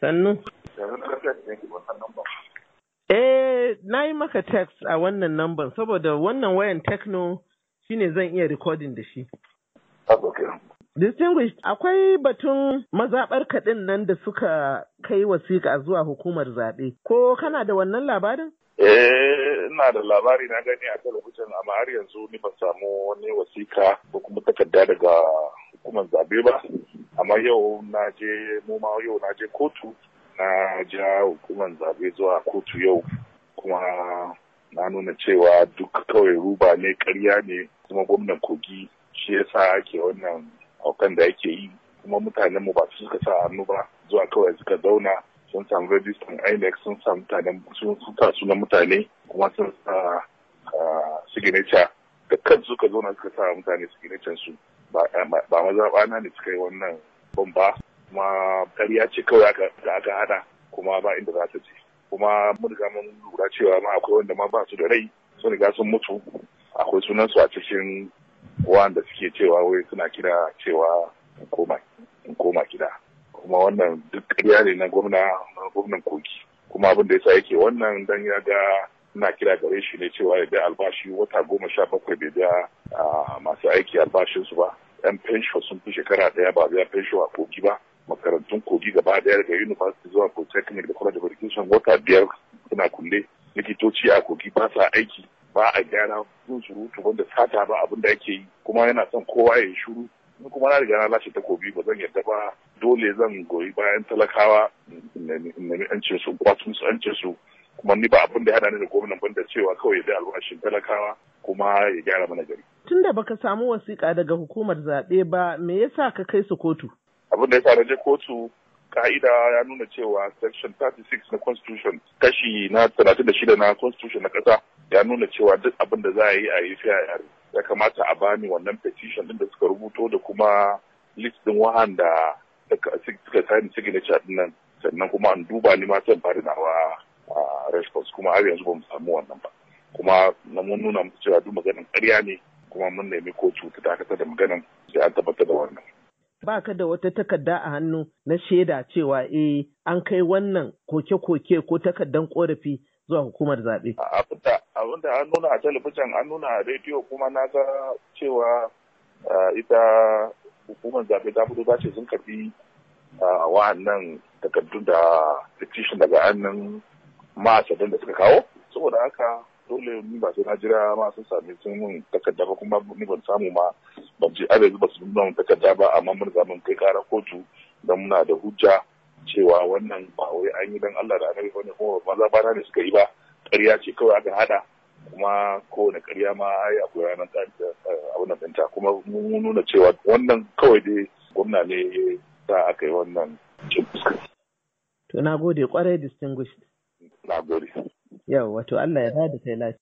sannu eh na yi maka text a wannan number saboda wannan wayan tekno shine zan iya recording da shi Distinguished, akwai batun mazaɓar kaɗin nan da suka kai wasiƙa zuwa hukumar zaɓe. Ko kana da wannan labarin? Eh, ina da labari na gani a talabijin amma har yanzu ni ba samu wani wasiƙa ko kuma takarda daga hukumar zaɓe ba. yau na je mu ma yau na je kotu na ja hukumar zabe zuwa kotu yau kuma na nuna cewa duk kawai ruba ne karya ne kuma gwamnan kogi shi ya sa ake wannan haukan da ake yi kuma mutanen mu ba su suka sa hannu ba zuwa kawai suka zauna sun samu rajistan inec sun samu mutanen sun suka suna mutane kuma sun sa ah, signature da kan suka zauna suka sa mutane signature su ba ba na ne suka yi wannan babban ba kuma karya ce kawai da aka hada kuma ba inda za ta je kuma mun riga mun lura cewa ma akwai wanda ma ba su da rai sun riga sun mutu akwai sunansu a cikin wanda suke cewa wai suna kira cewa in koma gida kuma wannan duk ƙarya ne na gwamna gwamnan kogi kuma abin da yasa yake wannan dan ya ga ina kira gare shi ne cewa ya albashi wata goma sha bakwai bai da ah, masu aiki albashinsu ba yan fensho sun fi shekara ɗaya ba biya fensho a kogi ba makarantun kogi gaba ɗaya daga university zuwa polytechnic da college of education wata biyar suna kulle likitoci a kogi ba sa aiki ba a gyara sun surutu wanda sata ba abin da ake yi kuma yana son kowa ya yi shuru ni kuma na riga na lashe kogi ba zan yarda ba dole zan goyi bayan talakawa nemi yancin su kwatun su yancin su kuma ni ba abin da ya hada ni da gwamnan banda cewa kawai ya bi albashin talakawa kuma ya gyara mana gari da baka samu wasiƙa daga hukumar zaɓe ba me yasa ka kai su kotu abin da yasa na je kotu ka'ida ya nuna cewa section 36 na constitution kashi na 36 na constitution na ƙasa ya nuna cewa duk abin da za a yi a yi fiya ya kamata a bani wannan petition din da suka rubuto da kuma list din wahanda suka sani signature din nan sannan kuma an duba ni ma zan bari nawa response kuma har yanzu ba mu samu wannan ba kuma na mun nuna musu cewa duk maganin ƙarya ne kuma mun nemi kotu ta dakatar da maganan sai an tabbatar da wannan. Ba ka da wata takarda a hannu na shaida cewa eh an kai wannan koke-koke ko takardan korafi zuwa hukumar zaɓe. Abin da an nuna a talabijin an nuna a rediyo kuma na ga cewa ita hukumar zaɓe ta fito ta ce sun karbi wa'annan takardun da petition daga annan ma'asadan da suka kawo. Saboda haka dole ni ba sai na jira ma sun sami sun mun takarda ba kuma ni ban samu ma ban ce arewa ba su nuna mun takarda ba amma mun zamu kai kara kotu don muna da hujja cewa wannan ba wai an yi dan Allah da annabi bane kuma ba za ne da suka yi ba ƙarya ce kawai aka hada kuma kowane ƙarya ma ai akwai ranar abin ta kuma mun nuna cewa wannan kawai dai gwamna ne ta aka yi wannan gode kwarai distinguished. Na gode. yawwa to Allah ya bada kai lafiya